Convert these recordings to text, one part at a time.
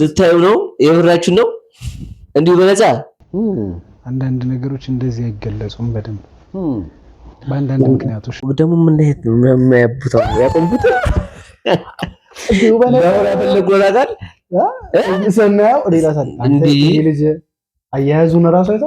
ልታዩ ነው የብራችሁ ነው እንዲሁ በነፃ አንዳንድ ነገሮች እንደዚህ አይገለጹም። በደንብ በአንዳንድ ምክንያቶች ደግሞ ምን አይነት የሚያብተው ያቆምኩት ፈለጎናታል ስናየው ሌላ ልጅ አያያዙን እራሱ አይታ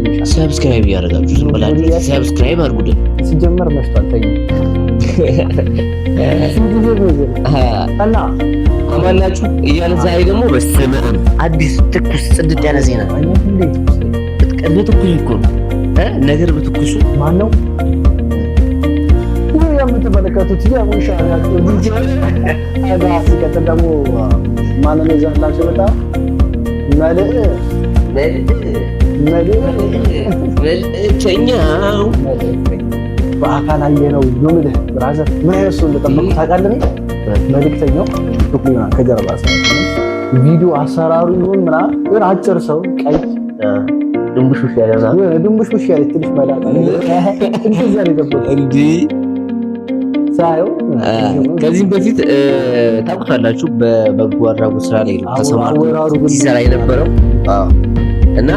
ሰብስክራይብ እያደረጋችሁ ዝም ብላችሁ ሰብስክራይብ አድርጉልን። ሲጀመር መሽቷል። ተኝ እና አማናችሁ እያለ ዛሬ ደግሞ በስመ አብ አዲስ ትኩስ ጽድት ያለ ዜና በትኩስ እኮ ነው ነገር በትኩሱ ማን ነው የምትመለከቱት? ሙሻ ሲቀጥል ደግሞ ማንን ይዘንላችሁ በጣም መልእ መልእክተኛው በአካል አየነው ነው ብራዘር ምን አይነት ሰው እንደጠበቁ ታውቃለህ? መልእክተኛው ከጀርባ ቪዲዮ አሰራሩ ይሁን ምናምን አጭር ሰው ቀይ ድንቡሽሽ ያለዛል ድንቡሽሽ ያለ ትንሽ ከዚህም በፊት ታውቁታላችሁ፣ በበጎ አድራጎት ስራ ላይ ተሰማርቶ ሲሰራ የነበረው እና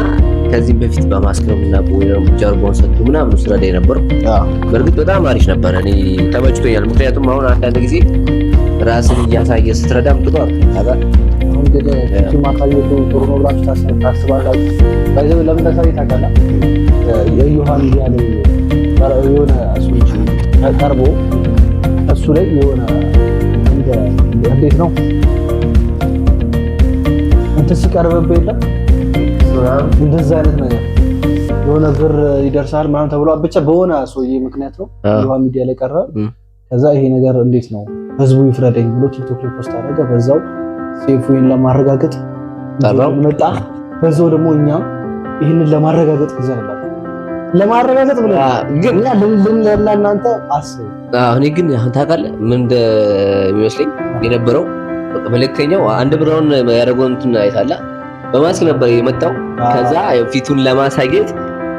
ከዚህም በፊት በማስክረም እና በወይም ጀርባውን ሰጥቶ ምናምን ስረዳ የነበርኩ በእርግጥ በጣም አሪፍ ነበረ። እኔ ተመችቶኛል። ምክንያቱም አሁን አንዳንድ ጊዜ ራስን እያሳየ ስትረዳም ጥሩ ቀርቦ እሱ ላይ የሆነ እንዴት ነው እንትን ሲቀርብብህ የለም እንደዛ አይነት ነገር የሆነ ብር ይደርሳል ምናምን ተብሎ ብቻ በሆነ ሰውዬ ምክንያት ነው የውሃ ሚዲያ ላይ ቀረ። ከዛ ይሄ ነገር እንዴት ነው ህዝቡ ይፍረደኝ ብሎ ቲክቶክ ላይ ፖስት አደረገ። በዛው ሴፉን ለማረጋገጥ መጣ። በዛው ደግሞ እኛ ይህንን ለማረጋገጥ ጊዜ አላለ ለማረጋገጥ ብለ ግን አስብ። እኔ ግን አሁን ታውቃለህ ምን እንደሚመስለኝ የነበረው መልእክተኛው አንድ ብራውን ያደረገውን እንትን አይታላ በማስክ ነበር የመጣው። ከዛ ፊቱን ለማሳየት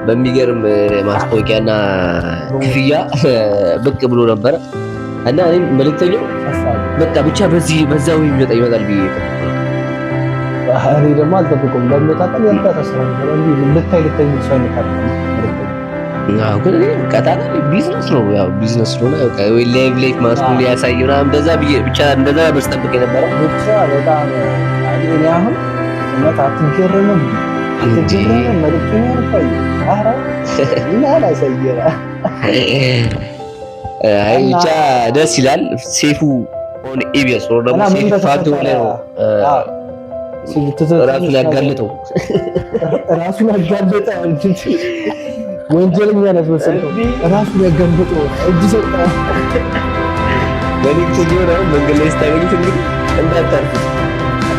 በሚገርም ማስታወቂያና ክፍያ ብቅ ብሎ ነበረ እና እኔም መልእክተኛው በቃ ብቻ በዚህ በዛ ወይ ይመጣ ይመጣል ብዬ እኔ ደግሞ አልጠብቁም በሚመጣጠን ያልታሳስራ ልታይ ሰው ይመጣል ቢዝነስ ነው። ያው ቢዝነስ ነው ላይቭ ላይፍ ማስኩ ሊያሳይ ምናምን እንደዛ ብቻ እንደዛ ስጠብቅ የነበረው ብቻ በጣም እኔ አሁን እውነት አትገረምም? አትገረምም? ምን ብቻ ደስ ይላል። ሴፉ ኦን ኢቢኤስ ወር ደግሞ ራሱን ራሱን ወንጀለኛ ራሱን እጅ ሰጣ መንገድ ላይ ስታገኙት እንግዲህ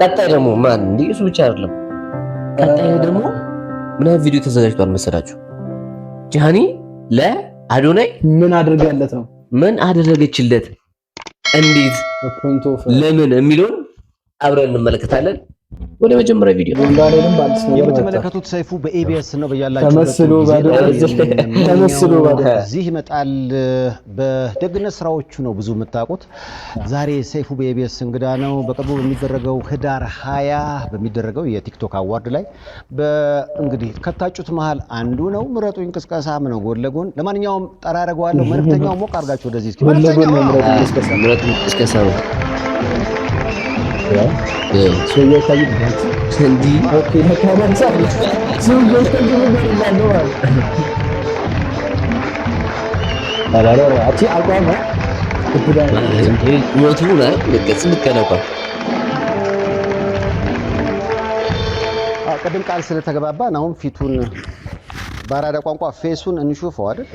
ቀጣይ ደግሞ ማን እንደ እሱ ብቻ አይደለም። ቀጣይ ደግሞ ምን አይነት ቪዲዮ ተዘጋጅቷል መሰላችሁ? ጃኒ ለአዶናይ ምን አድርጋለት ነው ምን አደረገችለት፣ እንዴት uh, ለምን የሚለውን አብረን እንመለከታለን። ወደ መጀመሪያ ቪዲዮ የምትመለከቱት ሰይፉ በኤቢኤስ ነው። በያላችሁ እዚህ ይመጣል። በደግነት ስራዎቹ ነው ብዙ የምታውቁት። ዛሬ ሰይፉ በኤቢኤስ እንግዳ ነው። በቅርቡ በሚደረገው ህዳር ሀያ በሚደረገው የቲክቶክ አዋርድ ላይ እንግዲህ ከታጩት መሀል አንዱ ነው። ምረጡ እንቅስቃሴም ምነው ጎን ለጎን ለማንኛውም ጠራረገዋለሁ። መልክተኛው ሞቅ አድርጋችሁ ወደዚህ እስኪ መልክተኛው ቅድም ቃል ስለተገባባን አሁን ፊቱን በአራዳ ቋንቋ ፌሱን እንሹፈው አይደል?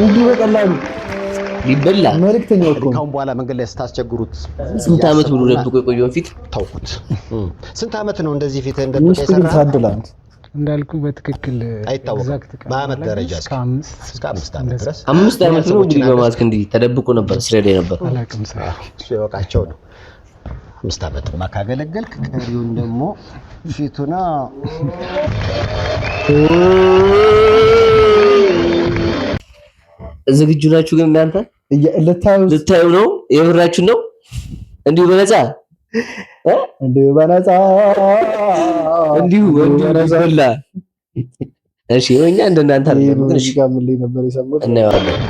እንዲህ በቀላሉ ይበላል። መልክተኛው እኮ ካሁን በኋላ መንገድ ላይ ስታስቸግሩት ስንት ዓመት ብሎ ደብቆ የቆየውን ፊት ታውቁት። ስንት ዓመት ነው እንደዚህ ፊት እንደብቆ የሰራ እንዳልኩ በትክክል አይታወቅም። በዓመት ደረጃ እስከ አምስት ዓመት ድረስ አምስት ዓመት ነው እንግዲህ በማስክ እንዲህ ተደብቆ ነበር ሲረዳ ነበር። እሱ የወቃቸው ነው። አምስት ዓመት ማካገለገልክ ቀሪውን ደግሞ ፊቱና ዝግጁ ናችሁ ግን እናንተ ልታዩ ነው? የብራችን ነው? እንዲሁ በነፃ እንዲሁ በነፃ እንዲሁ እሺ እኛ እንደናንተ ነበር የሰሙት እናየዋለን።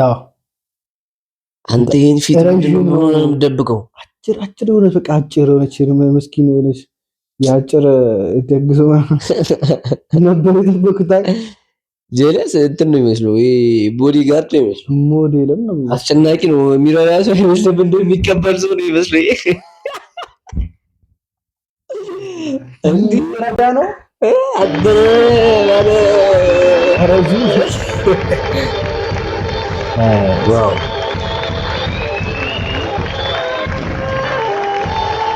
ነው አንተ ይህን ፊት ደብቀው አጭር አጭር የሆነ በቃ አጭር የሆነች መስኪን የሆነች የአጭር ደግሶ ነበር የጠበኩት። ጀለስ እንትን ነው የሚመስለው ቦዲ ጋርድ ነው የሚመስለው፣ ሞዴልም ነው አስጨናቂ ነው። የሚረዳ ሰው አይመስልም፣ እንደሚቀበል ሰው ነው የሚመስለው። እንዲረዳ ነው ዋው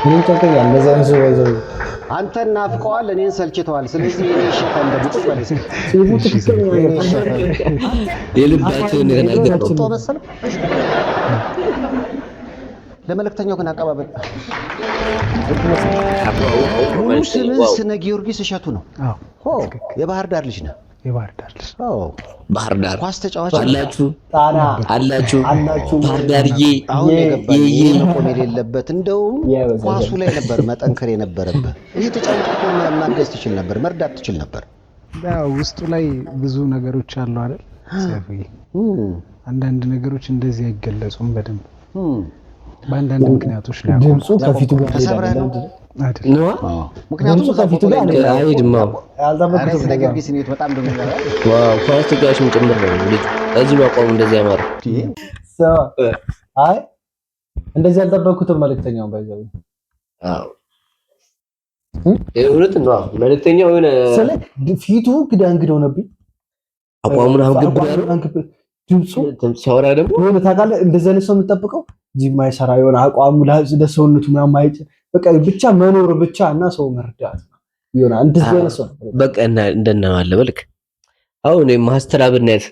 ምንም ጨርቅ ያለ ዘንሱ ወይዘው አንተ እናፍቀዋል፣ እኔን ሰልችተዋል። ስለዚህ ነው። ነው። ለመልእክተኛው ግን አቀባበል ሙሉ ስምህ ስነ ጊዮርጊስ እሸቱ ነው። የባህር ዳር ልጅ ነህ። ባህር ዳር ኳስ ተጫዋች አላችሁ አላችሁ ባህር መቆም የሌለበት እንደውም ኳሱ ላይ ነበር መጠንከር የነበረበት። ይህ ተጫዋች ማገዝ ትችል ነበር፣ መርዳት ትችል ነበር። ውስጡ ላይ ብዙ ነገሮች አሉ አይደል? አንዳንድ ነገሮች እንደዚህ አይገለጹም በደንብ በአንዳንድ ምክንያቶች ላይ ድምፁ ከፊቱ ምክንያቱም ከፊቱ ጋር ነው። እንደዚህ ያልጠበኩትም መልእክተኛውን ባይዘው እውነት ነው። መልእክተኛው የሆነ ፊቱ ግዳ ሆነብኝ። አቋሙን አንግብ ድምፁ ሲያወራ ደግሞ ታውቃለህ፣ እንደዚህ አይነት ሰው የምጠብቀው ማይሰራ የሆነ አቋሙ ለሰውነቱ ምናምን ማይጭ በቃ ብቻ መኖር ብቻ እና ሰው መርዳት ይሆናል። እንደዚህ አይነት ሰው በቃ እና እንደናማለ በልክ አሁን እኔ ማስተር አብነት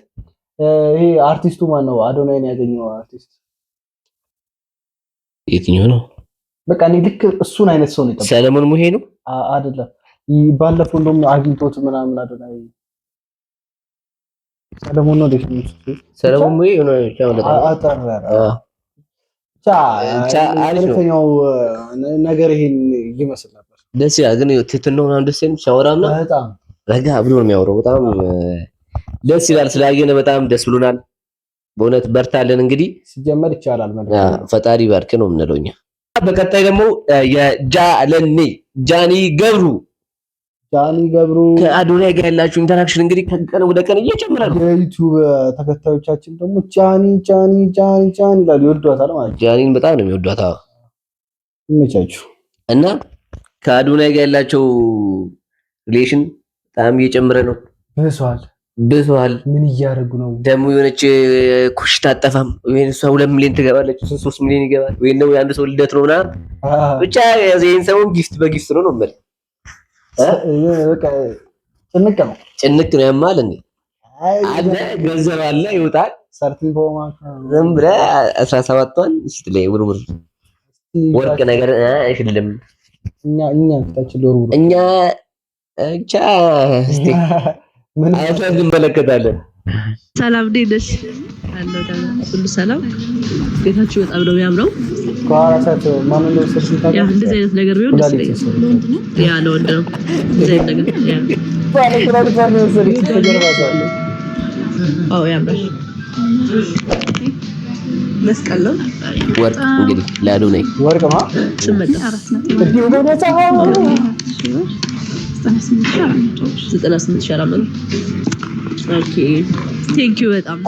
ይሄ አርቲስቱ ማን ነው? አዶናይን ያገኘው አርቲስት የትኛው ነው? በቃ እኔ ልክ እሱን አይነት ሰው ነው ሰለሞን ሙሄ ነው አይደለም? ባለፈው እንደውም አግኝቶት ምናምን አዶናይ ሰለሞን ነው ደግሞ ሰለሞን ሙሄ ነው ያው ለታ ሁለተኛው ነገር ይሄን ይመስል ነበር። ደስ ይላል ግን ትህትና ምናምን ደስ ይላል። በጣም ረጋ ብሎ ነው የሚያወራው። በጣም ደስ ይላል። ስላየነ በጣም ደስ ብሎናል። በእውነት በርታለን። እንግዲህ ሲጀመር ይቻላል ፈጣሪ ባርክ ነው የምንለው እኛ። በቀጣይ ደግሞ የጃለኔ ጃኒ ገብሩ ጃኒ ገብሩ ከአዶናይ ጋር ያላችሁ ኢንተራክሽን እንግዲህ ከቀን ወደ ቀን እየጨመረ ነው። የዩቲዩብ ተከታዮቻችን ደግሞ ጃኒ ጃኒ ጃኒ ጃኒ ይላሉ። ይወዷታል ማለት ጃኒን በጣም ነው የሚወዷታ። ይመቻችሁ። እና ከአዶናይ ጋር ያላቸው ሪሌሽን በጣም እየጨመረ ነው። ብሷል ብሷል። ምን እያደረጉ ነው ደግሞ? የሆነች ኩሽ ታጠፋም ወይን እሷ ሁለት ሚሊዮን ትገባለች፣ ሶስት ሚሊዮን ይገባል። ወይ? ነው የአንድ ሰው ልደት ነው ምናምን ብቻ ዜን ሰሞን ጊፍት በጊፍት ነው ነው ጭንቅ ነው ጭንቅ ነው ያማል። እንዴ አለ ገንዘብ አለ ይውጣል። ሰርቲን ዝም ብለህ አስራ ሰባት ዋን ስትለይ ውርውር ወርቅ ነገር አይደለም። እኛ እኛ ፍታችን ለውርውር እኛ ብቻ እስቲ አይተን እንመለከታለን። ሰላም እንዴት ነሽ? ሁሉ ሰላም። ቤታችሁ በጣም ነው የሚያምረው። እንደዚህ አይነት ነገር ቢሆን ደስ ይለኛል። ያ ለወንድ ነው እንደዚህ አይነት ነገር ያምራል። መስቀል ነው ወርቅ እንግዲህ ቴንክ ዩ በጣም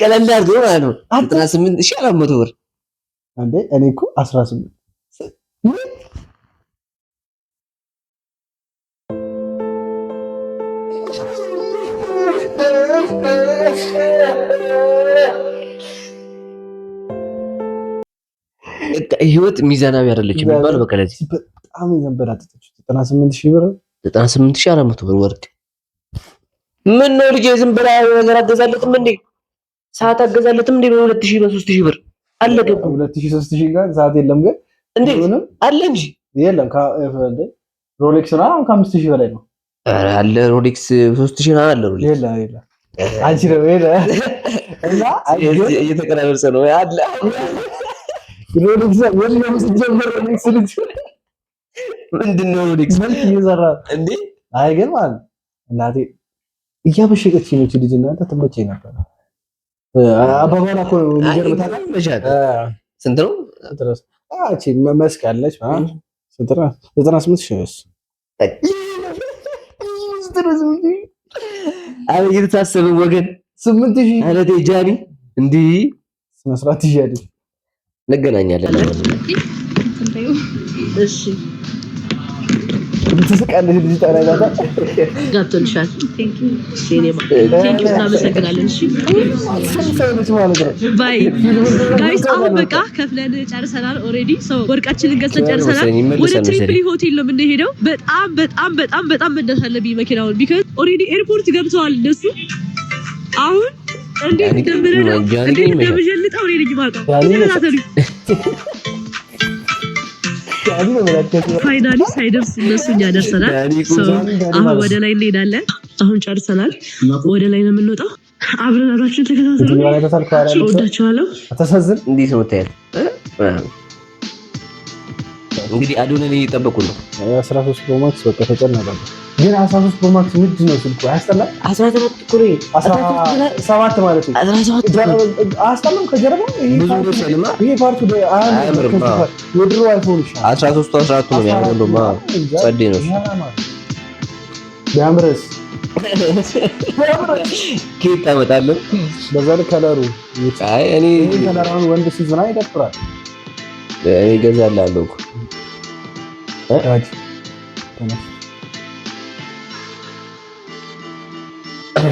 ቀለል ማለት ነው። ዘጠና ስምንት ሺህ አራት መቶ ብር አንዴ እኔ እኮ አስራ ስምንት ህይወት ሚዛናዊ አይደለች በቃ ለዚህ በጣም የዘንበላጠጠች ዘጠና ስምንት ሺህ ብር ዘጠና ሺህ ብር ወርቅ። ምን ነው ልጅ ዝም ብላ ነገር አገዛለትም እንዴ? ሰዓት አገዛለትም እንዴ? በሁለት ሺህ በሶስት ሺህ ብር አለ ገቡ። ሁለት ሺህ ሶስት ሺህ ጋር ሰዓት የለም ግን እንዴ አለ እንጂ የለም። ሮሌክስ ና ከአምስት ሺህ በላይ ነው አለ ሮሌክስ ሶስት ሺህ ና አለ ሮሌክስ አንቺ ነው እየተቀናበርሰ ነው አለ ሮሌክስ ወደ ሲጀምር ሮሌክስ ልጅ ምንድነው ነው መልክ እየሰራ እንዴ? አይ ግን ማለት እናቴ እያበሸቀች ልጅ እናንተ ትመቸኝ ነበር። አባባላ እኮ ስንት ነው? መስቃለች ዘጠና ስምንት ሺህ አረ እየተሳሰበ ወገን ስምንት ሺህ አረ እንዲህ ይዣለሁ። እንገናኛለን። እሺ ትስቃለች ልጅ ጠረጋታ ጋብቶልሻል። እናመሰግናለን። ጋይስ አሁን በቃ ከፍለን ጨርሰናል። ኦልሬዲ ወርቃችንን ገዝተን ጨርሰናል። ወደ ትሪፕሊ ሆቴል ነው የምንሄደው። በጣም በጣም በጣም በጣም መነሳ አለብኝ መኪናውን ቢከዝ ኦልሬዲ ኤርፖርት ገብተዋል እነሱ አሁን እንዴት እንደምንለው እንዴት እንደምጀልጠው እኔ ልጅ ማለት ነው። ፋይናሊ ሳይደርስ እነሱ እኛ ደርሰናል። አሁን ወደ ላይ እንሄዳለን። አሁን ጨርሰናል። ወደ ላይ ነው የምንወጣው። አብረን አብራችን ተከታተሉ። ወዳቸዋለሁ። ተሳዝን እንዴት ነው ታያል? እንግዲህ አዶነን እየጠበቁ ነው። ሶስት ሎማክስ በቃ ተጨናቀለ ግን አስራ ሶስት ፕሮ ማክስ ነው ስልኩ። አያስጠላም። አስራ ሰባት ሰባት ማለት ፓርቱ የድሮ ነው ኬት ታመጣለህ። በዛ ከለሩ ወንድ ሲዝና ይደብራል። እኔ እገዛልሃለሁ Are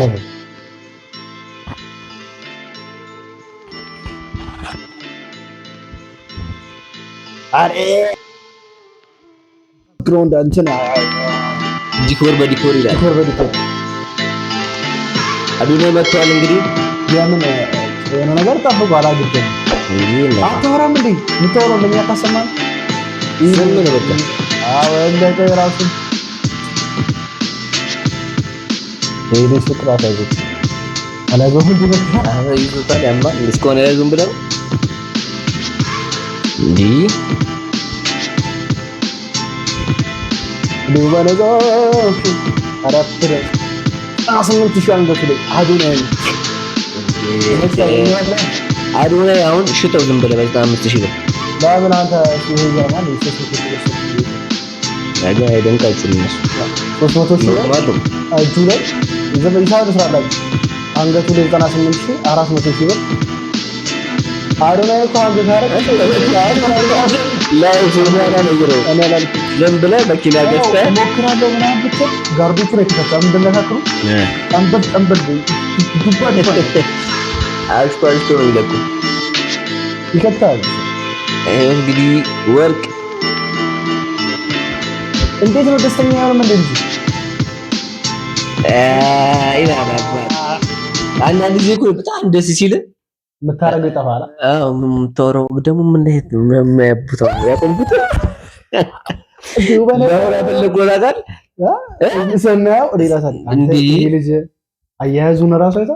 ground dan sana dikur ba dikur ida dikur ba dikur aduna ba to alangiri ya mena ena nagar ta ho bala dikte ini na ta hara mendi ni ah wen da ka የሄደች ፍቅር አሳየች። አላገቡ ይዞታል። ያማ እስከሆነ ዝም ብለው እንዲህ ሽጠው ዝም ብለህ ሂሳብ ትስራላችሁ። አንገቱ ላይ 98 ሺህ 400 ሺህ ብር አዶናይ እኮ አንገት ዝም ብለህ መኪና ገዝተህ እሞክራለሁ ምናምን ብትል ጋርዶቹ ላይ ተከታ እንደነካክሩ ጠንበል ጠንበል አሽቶ አሽቶ ነው ይለቁ ይከታል። እንግዲህ ወርቅ እንዴት ነው ደስተኛ ያለው? አንዳንድ ጊዜ እኮ በጣም ደስ ሲል የምታረገው ይጠፋል። አዎ የምታወራው ደግሞ ምን ሄድ የሚያቡተው ያቆምኩት አያያዙን እራሱ አይታ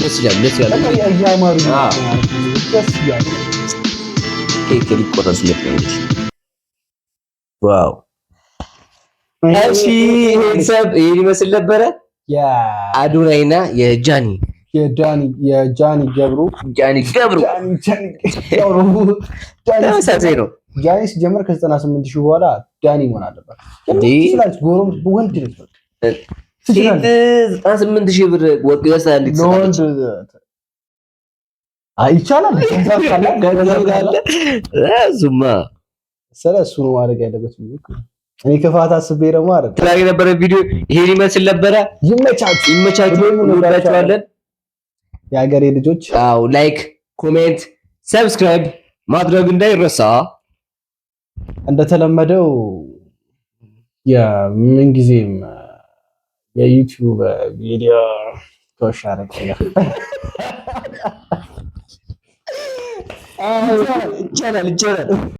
ደስ ይላል፣ ደስ ይላል። ኬክ ሊቆረስለት ነው። ዋው! እሺ ሰብ ይሄን ይመስል ነበረ የአዱራይና የጃኒ የጃኒ የጃኒ ገብሩ ጃኒ ገብሩ ተመሳሳይ ነው። ጃኒ ሲጀመር ከዘጠና ስምንት ሺህ በኋላ ዳኒ መሆን አለበት። ወንድ ነች። ሴት ዘጠና ስምንት ሺህ ብር ወርቅ እንዴት ትሰጣለች? ይቻላል። እሱማ እሱ ነው ማድረግ ያለበት። እኔ ክፋት አስቤ ደግሞ የነበረ ቪዲዮ ይሄን ይመስል ነበረ። ይመቻችሁ፣ ይመቻችሁ። እንወዳችኋለን የሀገሬ ልጆች። አዎ፣ ላይክ፣ ኮሜንት፣ ሰብስክራይብ ማድረግ እንዳይረሳ። እንደተለመደው የምንጊዜም የዩቲዩብ ቪዲዮ ቶሽ ይቻላል ይቻላል።